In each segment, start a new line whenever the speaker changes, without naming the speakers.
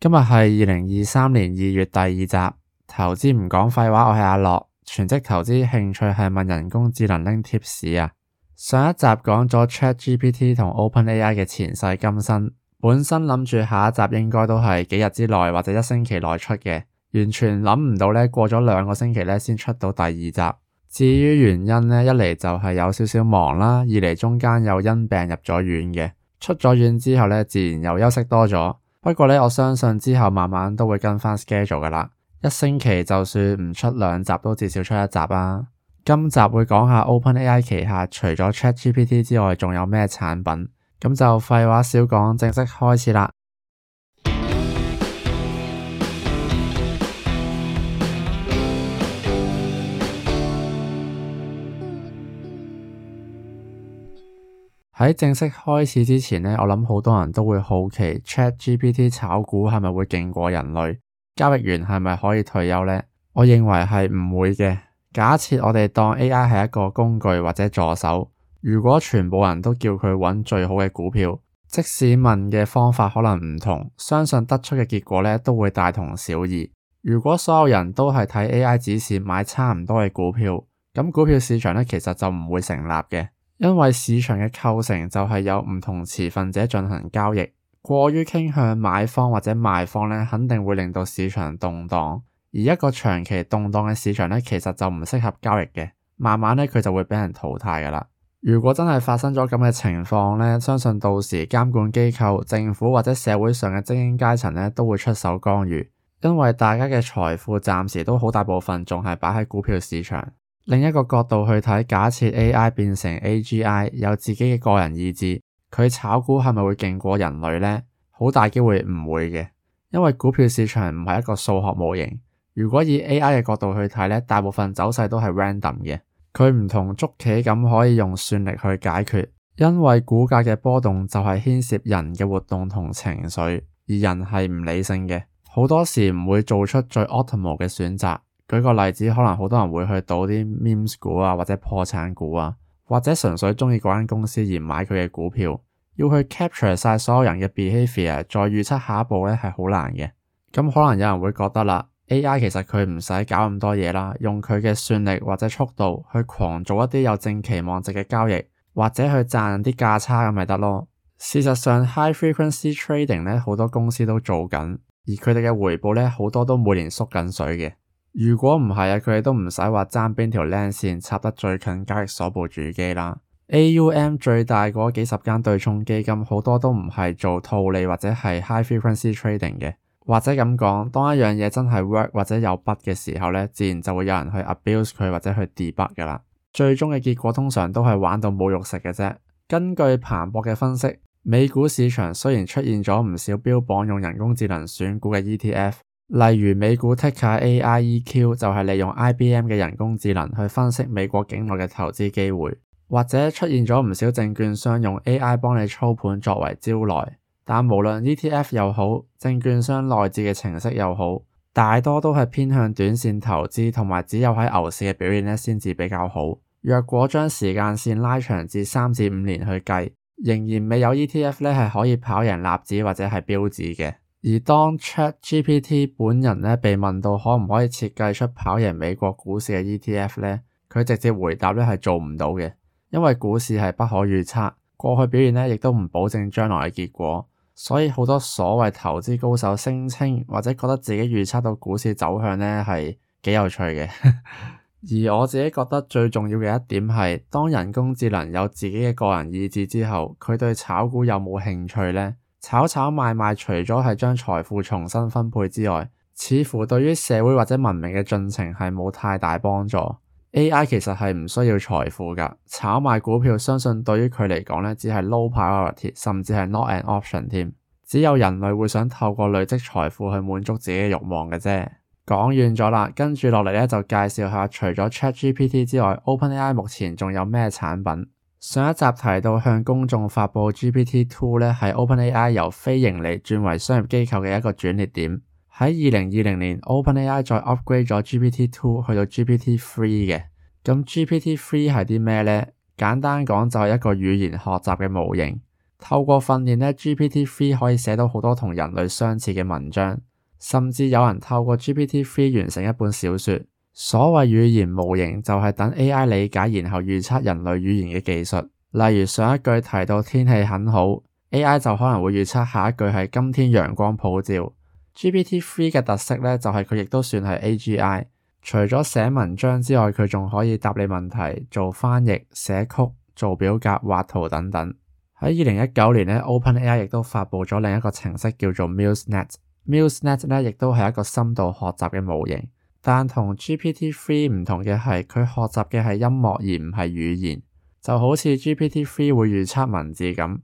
今日係二零二三年二月第二集，投資唔講廢話，我係阿樂，全職投資興趣係問人工智能拎貼士啊。上一集講咗 ChatGPT 同 OpenAI 嘅前世今生，本身諗住下一集應該都係幾日之內或者一星期內出嘅，完全諗唔到呢，過咗兩個星期呢先出到第二集。至於原因呢，一嚟就係有少少忙啦，二嚟中間又因病入咗院嘅，出咗院之後呢，自然又休息多咗。不過呢，我相信之後慢慢都會跟翻 schedule 㗎喇。一星期就算唔出兩集，都至少出一集啦，啊。今集會講下 OpenAI 旗下除咗 ChatGPT 之外，仲有咩產品？咁就廢話少講，正式開始啦。喺正式開始之前呢，我諗好多人都會好奇 ChatGPT 炒股係咪會勁過人類交易員，係咪可以退休呢？我認為係唔會嘅。假設我哋當 AI 係一個工具或者助手，如果全部人都叫佢揾最好嘅股票，即使問嘅方法可能唔同，相信得出嘅結果呢都會大同小異。如果所有人都係睇 AI 指示買差唔多嘅股票，咁股票市場呢其實就唔會成立嘅。因為市場嘅構成就係有唔同持份者進行交易，過於傾向買方或者賣方呢，肯定會令到市場動盪。而一個長期動盪嘅市場呢，其實就唔適合交易嘅，慢慢呢，佢就會俾人淘汰㗎喇。如果真係發生咗咁嘅情況呢，相信到時監管機構、政府或者社會上嘅精英階層呢，都會出手干預，因為大家嘅財富暫時都好大部分仲係擺喺股票市場。另一個角度去睇，假設 AI 變成 AGI 有自己嘅個人意志，佢炒股係咪會勁過人類呢？好大機會唔會嘅，因為股票市場唔係一個數學模型。如果以 AI 嘅角度去睇咧，大部分走勢都係 random 嘅。佢唔同捉棋咁可以用算力去解決，因為股價嘅波動就係牽涉人嘅活動同情緒，而人係唔理性嘅，好多時唔會做出最 optimal 嘅選擇。舉個例子，可能好多人會去賭啲 mims 股啊，或者破產股啊，或者純粹中意嗰間公司而買佢嘅股票。要去 capture 曬所有人嘅 b e h a v i o r 再預測下一步呢係好難嘅。咁可能有人會覺得啦，A.I. 其實佢唔使搞咁多嘢啦，用佢嘅算力或者速度去狂做一啲有正期望值嘅交易，或者去賺啲價差咁咪得咯。事實上，high frequency trading 呢好多公司都做緊，而佢哋嘅回報呢好多都每年縮緊水嘅。如果唔係啊，佢哋都唔使話爭邊條靚線插得最近交易所部主機啦。AUM 最大嗰幾十間對沖基金好多都唔係做套利或者係 high frequency trading 嘅，或者咁講，當一樣嘢真係 work 或者有 bug 嘅時候咧，自然就會有人去 abuse 佢或者去 debug 噶啦。最終嘅結果通常都係玩到冇肉食嘅啫。根據彭博嘅分析，美股市場雖然出現咗唔少標榜用人工智能選股嘅 ETF。例如美股 ticker AIEQ 就係利用 IBM 嘅人工智能去分析美國境內嘅投資機會，或者出現咗唔少證券商用 AI 幫你操盤作為招徠。但無論 ETF 又好，證券商內置嘅程式又好，大多都係偏向短線投資，同埋只有喺牛市嘅表現咧先至比較好。若果將時間線拉長至三至五年去計，仍然未有 ETF 咧係可以跑贏納指或者係標指嘅。而當 ChatGPT 本人呢被問到可唔可以設計出跑贏美國股市嘅 ETF 呢，佢直接回答呢係做唔到嘅，因為股市係不可預測，過去表現呢亦都唔保證將來嘅結果。所以好多所謂投資高手聲稱或者覺得自己預測到股市走向呢係幾有趣嘅。 而我自己覺得最重要嘅一點係，當人工智能有自己嘅個人意志之後，佢對炒股有冇興趣呢？炒炒賣賣除咗係將財富重新分配之外，似乎對於社會或者文明嘅進程係冇太大幫助。A.I. 其實係唔需要財富噶，炒賣股票相信對於佢嚟講咧，只係 low priority，甚至係 not an option 添。只有人類會想透過累積財富去滿足自己嘅慾望嘅啫。講完咗啦，跟住落嚟咧就介紹下，除咗 ChatGPT 之外，OpenAI 目前仲有咩產品？上一集提到向公眾發佈 GPT Two 咧，係 OpenAI 由非盈利轉為商業機構嘅一個轉捩點。喺二零二零年，OpenAI 再 upgrade 咗 GPT Two 去到 GPT Three 嘅。咁 GPT Three 係啲咩咧？簡單講就係一個語言學習嘅模型。透過訓練咧，GPT Three 可以寫到好多同人類相似嘅文章，甚至有人透過 GPT Three 完成一本小說。所謂語言模型就係、是、等 AI 理解然後預測人類語言嘅技術，例如上一句提到天氣很好，AI 就可能會預測下一句係今天陽光普照。GPT three 嘅特色咧就係佢亦都算係 AGI，除咗寫文章之外，佢仲可以答你問題、做翻譯、寫曲、做表格、畫圖等等。喺二零一九年咧，OpenAI 亦都發佈咗另一個程式叫做 MuseNet，MuseNet 咧亦都係一個深度學習嘅模型。但同 GPT Three 唔同嘅係佢學習嘅係音樂而唔係語言，就好似 GPT Three 會預測文字咁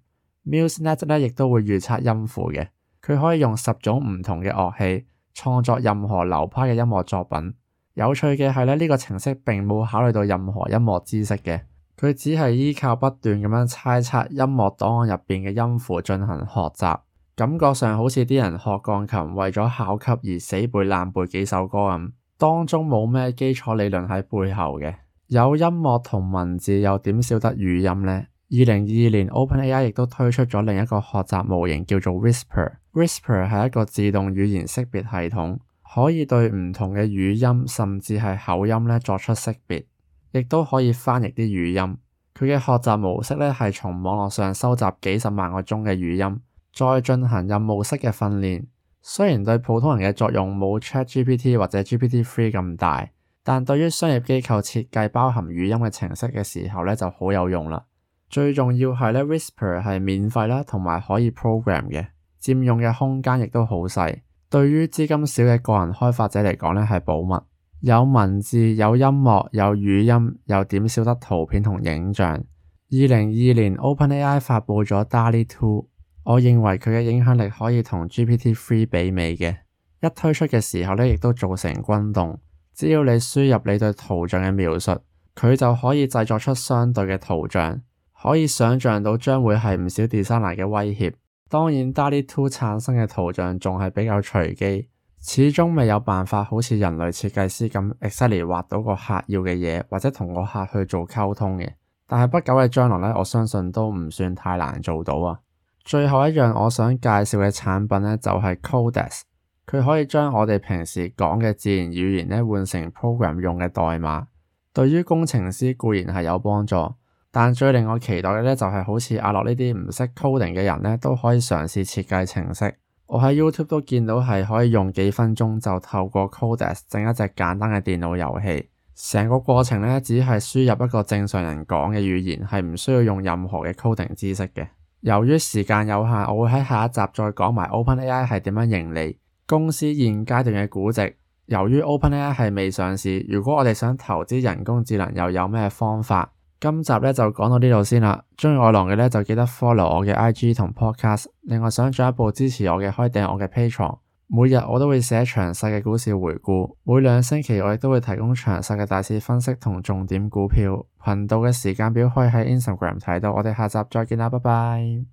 ，MuseNet 咧亦都會預測音符嘅。佢可以用十種唔同嘅樂器創作任何流派嘅音樂作品。有趣嘅係咧，呢、呢個程式並冇考慮到任何音樂知識嘅，佢只係依靠不斷咁樣猜測音樂檔案入邊嘅音符進行學習，感覺上好似啲人學鋼琴為咗考級而死背爛背幾首歌咁。當中冇咩基礎理論喺背後嘅。有音樂同文字又點少得語音呢？二零二二年 OpenAI 亦都推出咗另一個學習模型，叫做 Whisper。Whisper 係一個自動語言識別系統，可以對唔同嘅語音甚至係口音咧作出識別，亦都可以翻譯啲語音。佢嘅學習模式咧係從網絡上收集幾十萬個鐘嘅語音，再進行任務式嘅訓練。雖然對普通人嘅作用冇 ChatGPT 或者 GPT-3 咁大，但對於商業機構設計包含語音嘅程式嘅時候咧，就好有用啦。最重要係咧，Whisper 係免費啦，同埋可以 program 嘅，佔用嘅空間亦都好細。對於資金少嘅個人開發者嚟講咧係保密。有文字、有音樂、有語音，又點少得圖片同影像？二零二二年 OpenAI 發布咗 Dall-E 2。我認為佢嘅影響力可以同 GPT Three 媲美嘅，一推出嘅時候呢，亦都造成轟動。只要你輸入你對圖像嘅描述，佢就可以製作出相對嘅圖像，可以想象到將會係唔少 designer 嘅威脅。當然，DALL-E Two 產生嘅圖像仲係比較隨機，始終未有辦法好似人類設計師咁 exactly 畫到個客要嘅嘢，或者同個客去做溝通嘅。但係不久嘅將來呢，我相信都唔算太難做到啊！最後一樣我想介紹嘅產品呢，就係 Codex。佢可以將我哋平時講嘅自然語言呢，換成 program 用嘅代碼。對於工程師固然係有幫助，但最令我期待嘅呢，就係好似阿樂呢啲唔識 coding 嘅人呢，都可以嘗試設計程式。我喺 YouTube 都見到係可以用幾分鐘就透過 Codex 整一隻簡單嘅電腦遊戲。成個過程呢，只係輸入一個正常人講嘅語言，係唔需要用任何嘅 coding 知識嘅。由於時間有限，我會喺下一集再講埋 OpenAI 係點樣盈利，公司現階段嘅估值。由於 OpenAI 係未上市，如果我哋想投資人工智能又有咩方法？今集咧就講到呢度先啦。鍾意我郎嘅咧就記得 follow 我嘅 IG 同 Podcast。另外想進一步支持我嘅，開訂我嘅 Patreon。每日我都會寫詳細嘅股市回顧，每兩星期我亦都會提供詳細嘅大市分析同重點股票。頻道嘅時間表可以喺 Instagram 睇到。我哋下集再見啦，拜拜。